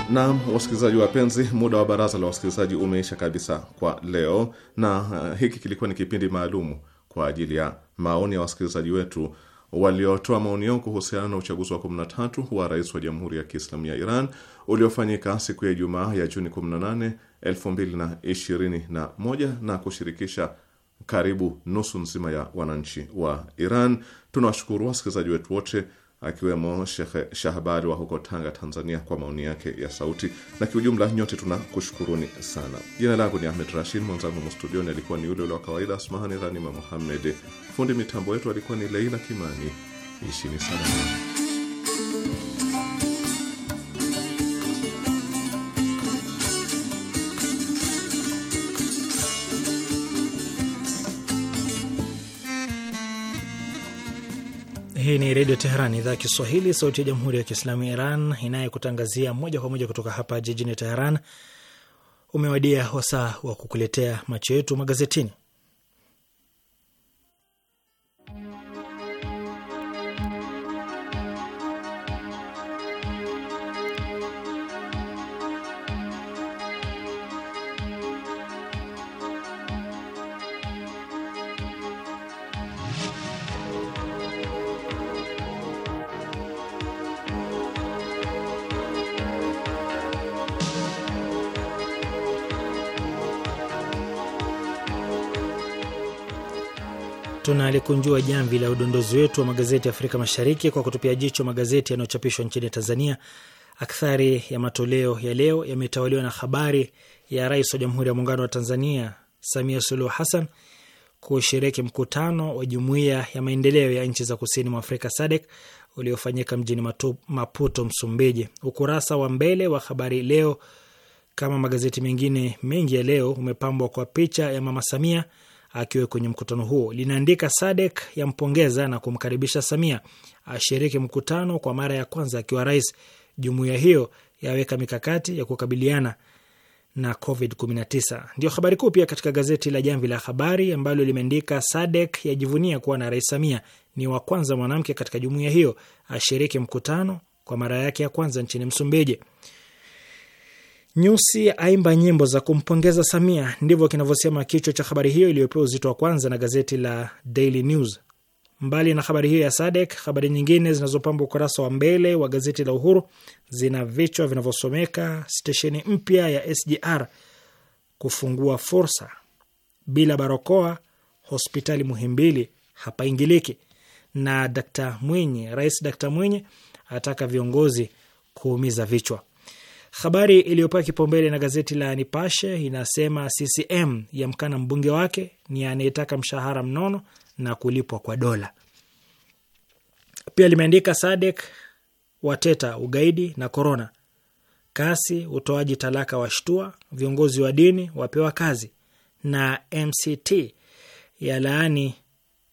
Naam, wasikilizaji wapenzi, muda wa baraza la wasikilizaji umeisha kabisa kwa leo, na uh, hiki kilikuwa ni kipindi maalum kwa ajili ya maoni ya wasikilizaji wetu waliotoa maoni yao kuhusiana na uchaguzi wa 13 wa rais wa Jamhuri ya Kiislamu ya Iran uliofanyika siku ya Ijumaa ya Juni 18, 2021 na kushirikisha karibu nusu nzima ya wananchi wa Iran. Tunawashukuru wasikilizaji wetu wote akiwemo Shekhe Shahbari wa huko Tanga, Tanzania, kwa maoni yake ya sauti. Na kiujumla nyote tunakushukuruni sana. Jina langu ni Ahmed Rashid, mwenzangu mustudioni alikuwa ni yule ule wa kawaida Asmahani Ghanima Muhammed, fundi mitambo yetu alikuwa ni Leila Kimani. Ishini sana. Hii ni Redio Teheran, idhaa ya Kiswahili, sauti ya Jamhuri ya Kiislamu ya Iran inayekutangazia moja kwa moja kutoka hapa jijini Teheran. Umewadia wasaa wa kukuletea macho yetu magazetini. tunalikunjua jamvi la udondozi wetu wa magazeti ya Afrika Mashariki kwa kutupia jicho magazeti yanayochapishwa nchini Tanzania. Akthari ya matoleo ya leo yametawaliwa na habari ya Rais wa Jamhuri ya Muungano wa Tanzania Samia Suluhu Hassan kushiriki mkutano wa Jumuiya ya Maendeleo ya Nchi za Kusini mwa Afrika SADC uliofanyika mjini Matu, Maputo, Msumbiji. Ukurasa wa mbele wa Habari Leo, kama magazeti mengine mengi ya leo, umepambwa kwa picha ya Mama Samia akiwa kwenye mkutano huo. Linaandika, Sadek yampongeza na kumkaribisha Samia ashiriki mkutano kwa mara ya kwanza akiwa rais. Jumuiya hiyo yaweka mikakati ya kukabiliana na COVID-19. Ndio habari kuu pia katika gazeti la Jamvi la Habari ambalo limeandika Sadek yajivunia kuwa na Rais Samia ni wa kwanza mwanamke katika jumuiya hiyo, ashiriki mkutano kwa mara yake ya kwanza nchini Msumbiji. Nyusi aimba nyimbo za kumpongeza Samia, ndivyo kinavyosema kichwa cha habari hiyo iliyopewa uzito wa kwanza na gazeti la Daily News. Mbali na habari hiyo ya Sadek, habari nyingine zinazopamba ukurasa wa mbele wa gazeti la Uhuru zina vichwa vinavyosomeka: stesheni mpya ya SGR kufungua fursa, bila barakoa hospitali Muhimbili hapaingiliki, na Dkt Mwinyi, Rais Dkt Mwinyi ataka viongozi kuumiza vichwa. Habari iliyopewa kipaumbele na gazeti la Nipashe inasema CCM yamkana mbunge wake ni anayetaka mshahara mnono na kulipwa kwa dola. Pia limeandika Sadek wateta ugaidi na korona, kasi utoaji talaka washtua, viongozi wa dini wapewa kazi, na MCT ya laani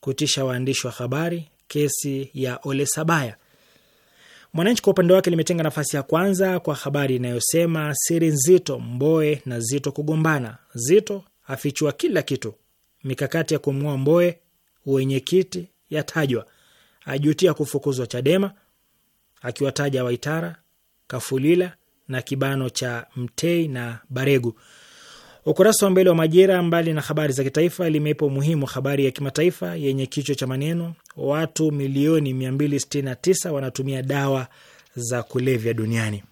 kutisha waandishi wa habari, kesi ya Ole Sabaya Mwananchi kwa upande wake limetenga nafasi ya kwanza kwa habari inayosema siri nzito, Mboe na Zito kugombana, Zito afichua kila kitu, mikakati ya kumng'oa Mboe wenyekiti yatajwa, ajutia kufukuzwa Chadema, akiwataja Waitara, Kafulila na kibano cha Mtei na Baregu. Ukurasa wa mbele wa Majira, mbali na habari za kitaifa, limeipa umuhimu habari ya kimataifa yenye kichwa cha maneno watu milioni 269 wanatumia dawa za kulevya duniani.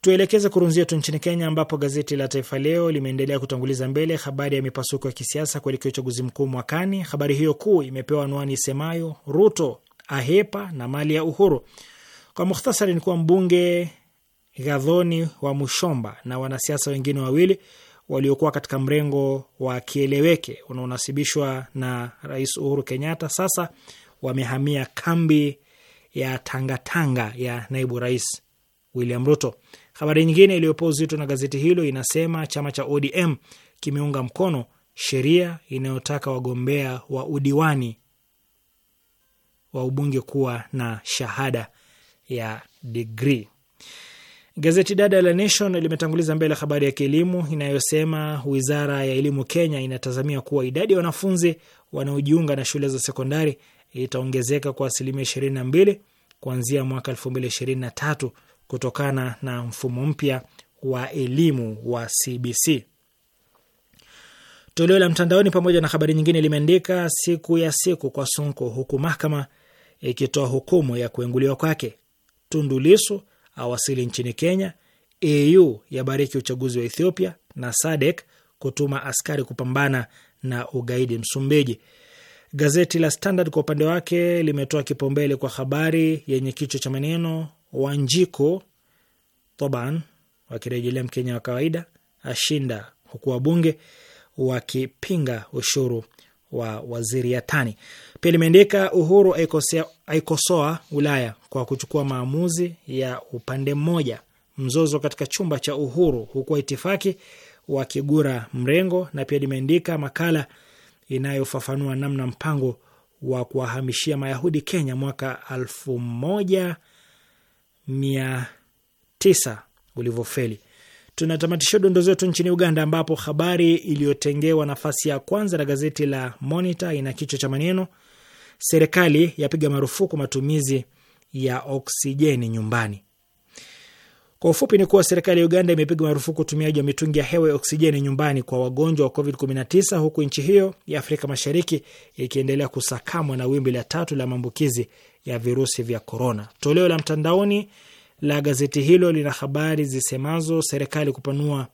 Tuelekeze kurunzi yetu nchini Kenya, ambapo gazeti la Taifa Leo limeendelea kutanguliza mbele habari ya mipasuko ya kisiasa kuelekea uchaguzi mkuu mwakani. Habari hiyo kuu imepewa anwani isemayo Ruto ahepa na mali ya Uhuru. Kwa mukhtasari, ni kuwa mbunge Gadhoni wa Mushomba na wanasiasa wengine wawili waliokuwa katika mrengo wa kieleweke unaonasibishwa na Rais Uhuru Kenyatta sasa wamehamia kambi ya tangatanga tanga ya naibu rais William Ruto. Habari nyingine iliyopoa uzito na gazeti hilo inasema chama cha ODM kimeunga mkono sheria inayotaka wagombea wa udiwani wa ubunge kuwa na shahada ya digrii. Gazeti dada la Nation limetanguliza mbele habari ya kielimu inayosema wizara ya elimu Kenya inatazamia kuwa idadi ya wanafunzi wanaojiunga na shule za sekondari itaongezeka kwa asilimia ishirini na mbili kuanzia mwaka elfu mbili ishirini na tatu kutokana na mfumo mpya wa elimu wa CBC. Toleo la mtandaoni pamoja na habari nyingine limeandika siku ya siku kwa Sonko, huku mahakama ikitoa hukumu ya kuenguliwa kwake. Tundu awasili nchini Kenya, AU yabariki uchaguzi wa Ethiopia na SADC kutuma askari kupambana na ugaidi Msumbiji. Gazeti la Standard kwa upande wake limetoa kipaumbele kwa habari yenye kichwa cha maneno Wanjiko Toban wakirejelea Mkenya wa kawaida ashinda, huku wabunge wakipinga ushuru wa waziri yatani Pia limeandika Uhuru aikosoa Ulaya kwa kuchukua maamuzi ya upande mmoja, mzozo katika chumba cha Uhuru itifaki wa wakigura mrengo. Na pia limeandika makala inayofafanua namna mpango wa kuwahamishia Mayahudi Kenya mwaka elfu moja mia tisa ulivyofeli. Tunatamatisha dondo zetu nchini Uganda, ambapo habari iliyotengewa nafasi ya kwanza na gazeti la Monitor ina kichwa cha maneno serikali yapiga marufuku matumizi ya oksijeni nyumbani. Kwa ufupi ni kuwa serikali ya Uganda imepiga marufuku utumiaji wa mitungi ya hewa ya oksijeni nyumbani kwa wagonjwa wa COVID-19 huku nchi hiyo ya Afrika Mashariki ikiendelea kusakamwa na wimbi la tatu la maambukizi ya virusi vya korona. Toleo la mtandaoni la gazeti hilo lina habari zisemazo serikali kupanua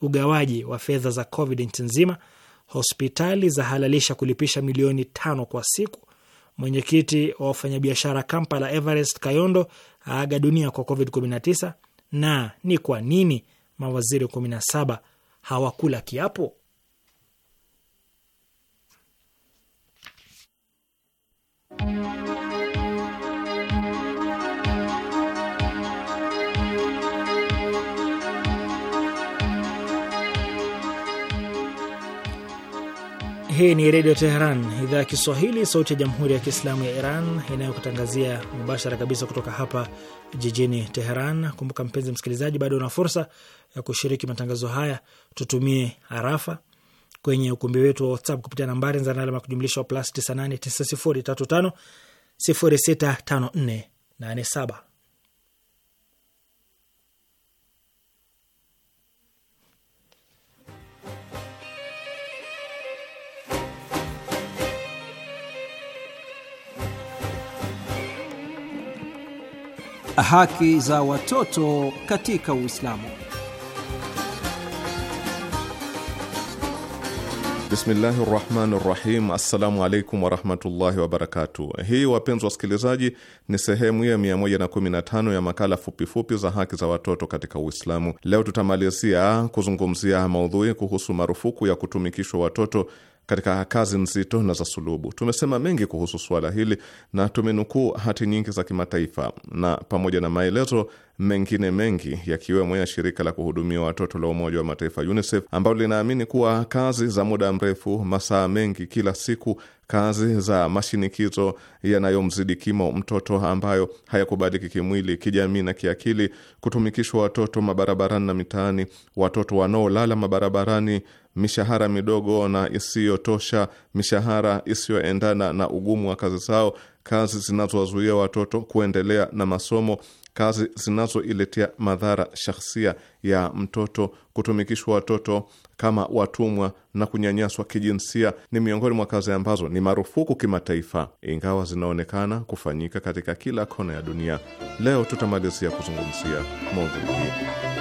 ugawaji wa fedha za Covid nchi nzima, hospitali zahalalisha kulipisha milioni tano kwa siku, mwenyekiti wa wafanyabiashara Kampala Everest Kayondo aaga dunia kwa Covid-19, na ni kwa nini mawaziri 17 hawakula kiapo. Hii ni Redio Teheran, idhaa ya Kiswahili, sauti ya Jamhuri ya Kiislamu ya Iran, inayokutangazia mubashara kabisa kutoka hapa jijini Teheran. Kumbuka mpenzi msikilizaji, bado una fursa ya kushiriki matangazo haya. Tutumie arafa kwenye ukumbi wetu wa WhatsApp kupitia nambari za alama ya kujumlisha plus 989035065487. Haki za watoto katika Uislamu. Bismillahi rahmani rahim. Assalamu alaikum warahmatullahi wabarakatu. Hii wapenzi wasikilizaji, ni sehemu ya 115 ya makala fupifupi za haki za watoto katika Uislamu. Leo tutamalizia kuzungumzia maudhui kuhusu marufuku ya kutumikishwa watoto katika kazi nzito na za sulubu. Tumesema mengi kuhusu suala hili na tumenukuu hati nyingi za kimataifa na pamoja na maelezo mengine mengi yakiwemo ya shirika la kuhudumia watoto la Umoja wa Mataifa UNICEF ambalo linaamini kuwa kazi za muda mrefu, masaa mengi kila siku, kazi za mashinikizo yanayomzidi kimo mtoto ambayo hayakubaliki kimwili, kijamii na kiakili, kutumikishwa watoto mabarabarani na mitaani, watoto wanaolala mabarabarani mishahara midogo na isiyotosha, mishahara isiyoendana na ugumu wa kazi zao, kazi zinazowazuia watoto kuendelea na masomo, kazi zinazoiletea madhara shahsia ya mtoto, kutumikishwa watoto kama watumwa na kunyanyaswa kijinsia ni miongoni mwa kazi ambazo ni marufuku kimataifa, ingawa zinaonekana kufanyika katika kila kona ya dunia. Leo tutamalizia kuzungumzia maudhui hii.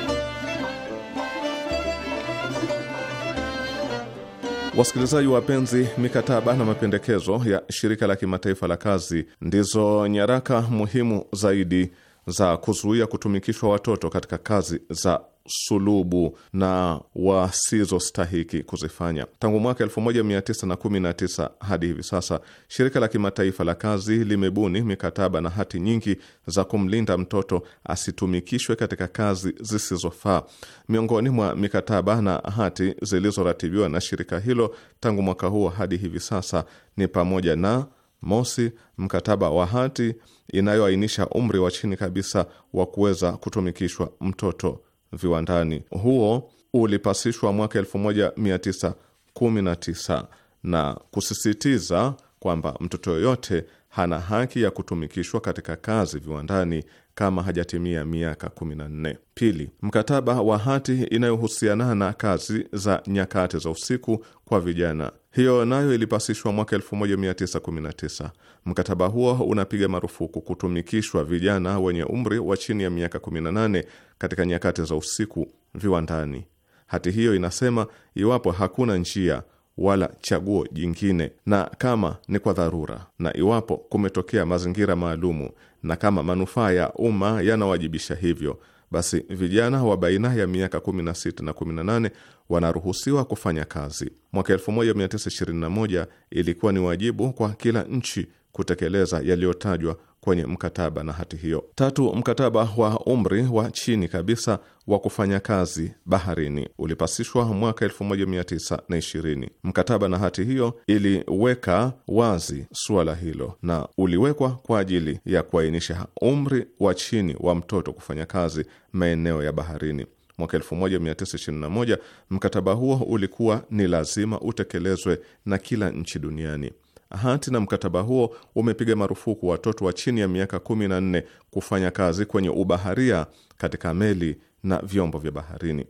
Wasikilizaji wapenzi, mikataba na mapendekezo ya shirika la kimataifa la kazi ndizo nyaraka muhimu zaidi za kuzuia kutumikishwa watoto katika kazi za sulubu na wasizostahiki kuzifanya. Tangu mwaka 1919 hadi hivi sasa, shirika la kimataifa la kazi limebuni mikataba na hati nyingi za kumlinda mtoto asitumikishwe katika kazi zisizofaa. Miongoni mwa mikataba na hati zilizoratibiwa na shirika hilo tangu mwaka huo hadi hivi sasa ni pamoja na Mosi, mkataba wa hati inayoainisha umri wa chini kabisa wa kuweza kutumikishwa mtoto viwandani huo ulipasishwa mwaka 1919 na kusisitiza kwamba mtoto yoyote hana haki ya kutumikishwa katika kazi viwandani kama hajatimia miaka 14. Pili, mkataba wa hati inayohusiana na kazi za nyakati za usiku kwa vijana, hiyo nayo ilipasishwa mwaka 1919. Mkataba huo unapiga marufuku kutumikishwa vijana wenye umri wa chini ya miaka 18 katika nyakati za usiku viwandani. Hati hiyo inasema iwapo hakuna njia wala chaguo jingine na kama ni kwa dharura na iwapo kumetokea mazingira maalumu na kama manufaa ya umma yanawajibisha hivyo, basi vijana wa baina ya miaka 16 na 18 wanaruhusiwa kufanya kazi. Mwaka 1921 ilikuwa ni wajibu kwa kila nchi kutekeleza yaliyotajwa kwenye mkataba na hati hiyo. Tatu, mkataba wa umri wa chini kabisa wa kufanya kazi baharini ulipasishwa mwaka 1920. Mkataba na hati hiyo iliweka wazi suala hilo na uliwekwa kwa ajili ya kuainisha umri wa chini wa mtoto kufanya kazi maeneo ya baharini. Mwaka 1921 mkataba huo ulikuwa ni lazima utekelezwe na kila nchi duniani hati na mkataba huo umepiga marufuku watoto wa chini ya miaka 14 kufanya kazi kwenye ubaharia katika meli na vyombo vya baharini.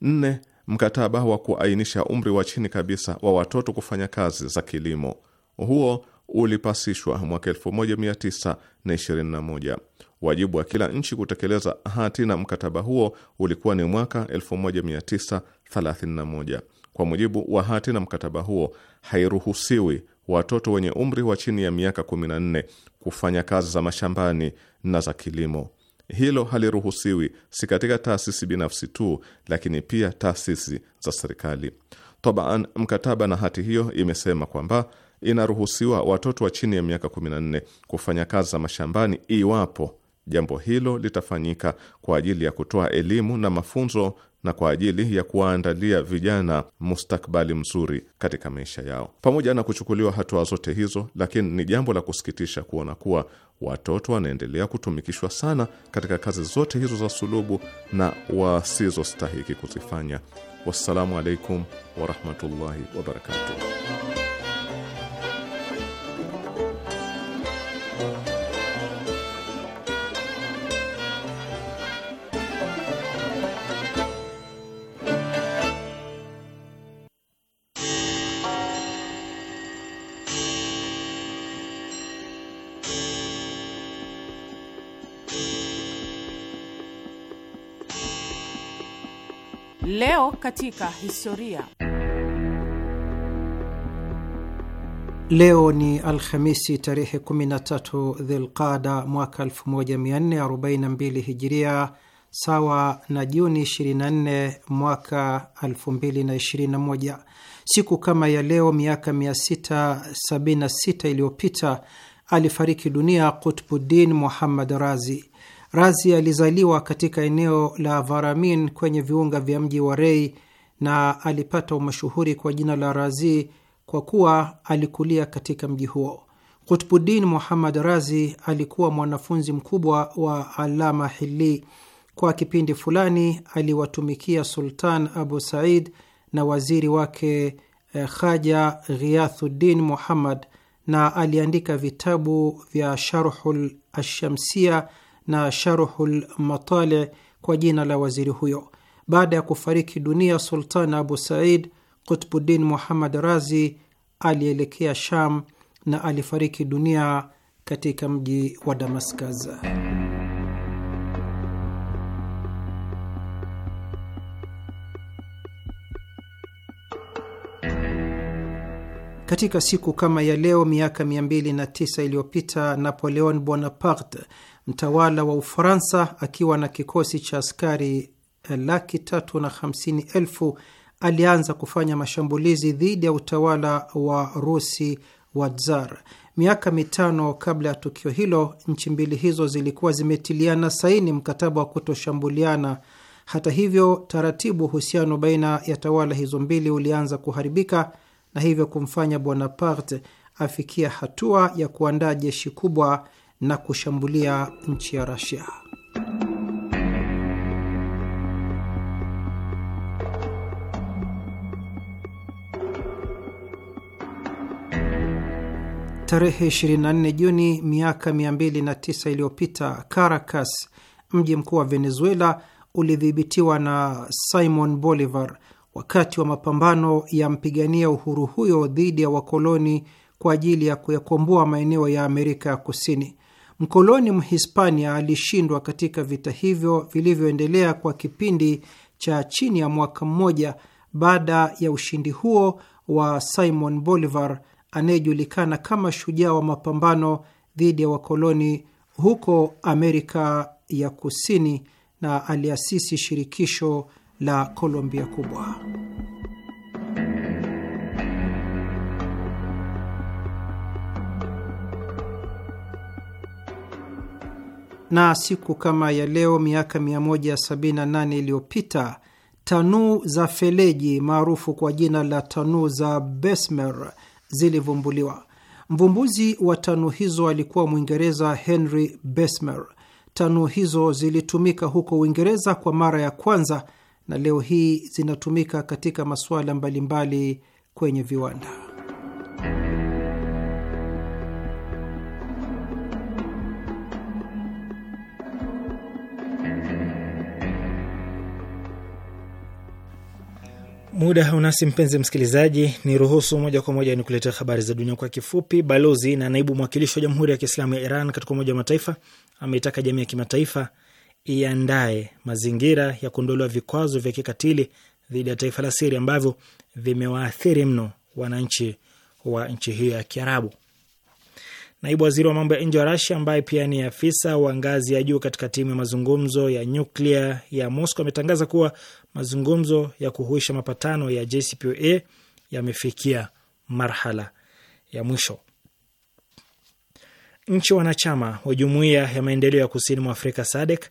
Nne, mkataba wa kuainisha umri wa chini kabisa wa watoto kufanya kazi za kilimo huo ulipasishwa mwaka 1921. Wajibu wa kila nchi kutekeleza hati na mkataba huo ulikuwa ni mwaka 1931. Kwa mujibu wa hati na mkataba huo, hairuhusiwi watoto wenye umri wa chini ya miaka 14 kufanya kazi za mashambani na za kilimo. Hilo haliruhusiwi si katika taasisi binafsi tu, lakini pia taasisi za serikali. Tabaan, mkataba na hati hiyo imesema kwamba inaruhusiwa watoto wa chini ya miaka 14 kufanya kazi za mashambani iwapo jambo hilo litafanyika kwa ajili ya kutoa elimu na mafunzo na kwa ajili ya kuwaandalia vijana mustakbali mzuri katika maisha yao. Pamoja na kuchukuliwa hatua zote hizo, lakini ni jambo la kusikitisha kuona kuwa watoto wanaendelea kutumikishwa sana katika kazi zote hizo za sulubu na wasizostahiki kuzifanya. Wassalamu alaikum warahmatullahi wabarakatuh. Leo katika historia. Leo ni Alhamisi tarehe 13 Dhilqada mwaka 1442 Hijiria, sawa na Juni 24 mwaka 2021. Siku kama ya leo miaka 676 iliyopita alifariki dunia qutbuddin Muhammad Razi, Razi alizaliwa katika eneo la Varamin kwenye viunga vya mji wa Rei na alipata umashuhuri kwa jina la Razi kwa kuwa alikulia katika mji huo. Kutbuddin Muhammad Razi alikuwa mwanafunzi mkubwa wa Alama Hili. Kwa kipindi fulani aliwatumikia Sultan Abu Said na waziri wake eh, Khaja Ghiyathuddin Muhammad na aliandika vitabu vya Sharhul Ashamsia na Sharuhul Matale kwa jina la waziri huyo. Baada ya kufariki dunia Sultan Abu Said, Kutbuddin Muhammad Razi alielekea Sham na alifariki dunia katika mji wa Damaskas. Katika siku kama ya leo miaka 209 iliyopita Napoleon Bonaparte mtawala wa Ufaransa akiwa na kikosi cha askari eh, laki tatu na hamsini elfu alianza kufanya mashambulizi dhidi ya utawala wa Rusi wa Tsar. Miaka mitano kabla ya tukio hilo, nchi mbili hizo zilikuwa zimetiliana saini mkataba wa kutoshambuliana. Hata hivyo, taratibu uhusiano baina ya tawala hizo mbili ulianza kuharibika na hivyo kumfanya Bonaparte afikia hatua ya kuandaa jeshi kubwa na kushambulia nchi ya Rasia. Tarehe 24 Juni miaka 209 iliyopita, Caracas, mji mkuu wa Venezuela, ulidhibitiwa na Simon Bolivar wakati wa mapambano ya mpigania uhuru huyo dhidi ya wakoloni kwa ajili ya kuyakomboa maeneo ya Amerika ya Kusini. Mkoloni Mhispania alishindwa katika vita hivyo vilivyoendelea kwa kipindi cha chini ya mwaka mmoja baada ya ushindi huo wa Simon Bolivar anayejulikana kama shujaa wa mapambano dhidi ya wakoloni huko Amerika ya Kusini na aliasisi shirikisho la Colombia Kubwa. na siku kama ya leo miaka 178 iliyopita tanuu za feleji maarufu kwa jina la tanuu za besmer zilivumbuliwa. Mvumbuzi wa tanuu hizo alikuwa Mwingereza Henry besmer Tanuu hizo zilitumika huko Uingereza kwa mara ya kwanza na leo hii zinatumika katika masuala mbalimbali kwenye viwanda. Muda unasi mpenzi msikilizaji, ni ruhusu moja kwa moja ni kuletea habari za dunia kwa kifupi. Balozi na naibu mwakilishi wa Jamhuri ya Kiislamu ya Iran katika Umoja wa Mataifa ameitaka jamii ya kimataifa iandae mazingira ya kuondolewa vikwazo vya kikatili dhidi ya taifa la Siria ambavyo vimewaathiri mno wananchi wa nchi hiyo ya Kiarabu. Naibu waziri wa mambo ya nje wa Rasia ambaye pia ni afisa wa ngazi ya juu katika timu ya mazungumzo ya nyuklia ya Moscow ametangaza kuwa mazungumzo ya kuhuisha mapatano ya JCPOA yamefikia marhala ya mwisho. Nchi wanachama wa Jumuiya ya Maendeleo ya Kusini mwa Afrika SADC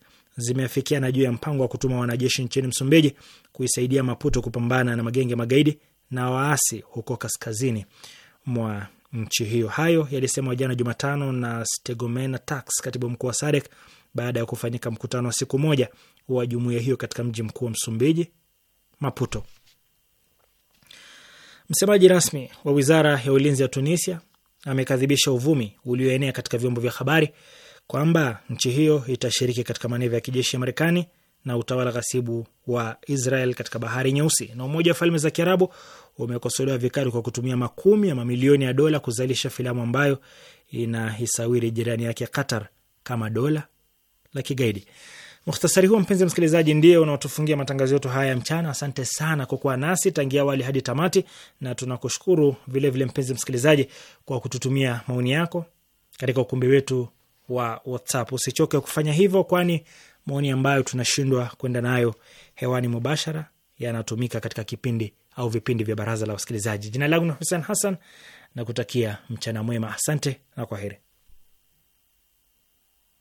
na juu ya mpango wa kutuma wanajeshi nchini Msumbiji kuisaidia Maputo kupambana na magenge magaidi na waasi huko kaskazini mwa nchi hiyo. Hayo yalisemwa jana Jumatano na Stegomena Tax, katibu mkuu wa SADC baada ya kufanyika mkutano wa siku moja wa jumuiya hiyo katika mji mkuu wa Msumbiji, Maputo. Msemaji rasmi wa wizara ya ulinzi ya Tunisia amekadhibisha uvumi ulioenea katika vyombo vya habari kwamba nchi hiyo itashiriki katika maneva ya kijeshi ya Marekani na utawala ghasibu wa Israel katika bahari Nyeusi. Na Umoja wa Falme za Kiarabu umekosolewa vikali kwa kutumia makumi ya mamilioni ya dola kuzalisha filamu ambayo inahisawiri jirani yake Qatar kama dola la kigaidi. Mukhtasari huo mpenzi msikilizaji, ndiye unaotufungia matangazo yetu haya ya mchana. Asante sana kwa kuwa nasi tangia awali hadi tamati, na tunakushukuru vilevile mpenzi msikilizaji kwa kututumia maoni yako katika ukumbi wetu wa WhatsApp. Usichoke kufanya hivyo, kwani maoni ambayo tunashindwa kwenda nayo hewani mubashara yanatumika katika kipindi au vipindi vya baraza la wasikilizaji. Jina langu ni Hussein Hassan na kutakia mchana mwema. Asante na kwaheri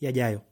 yajayo.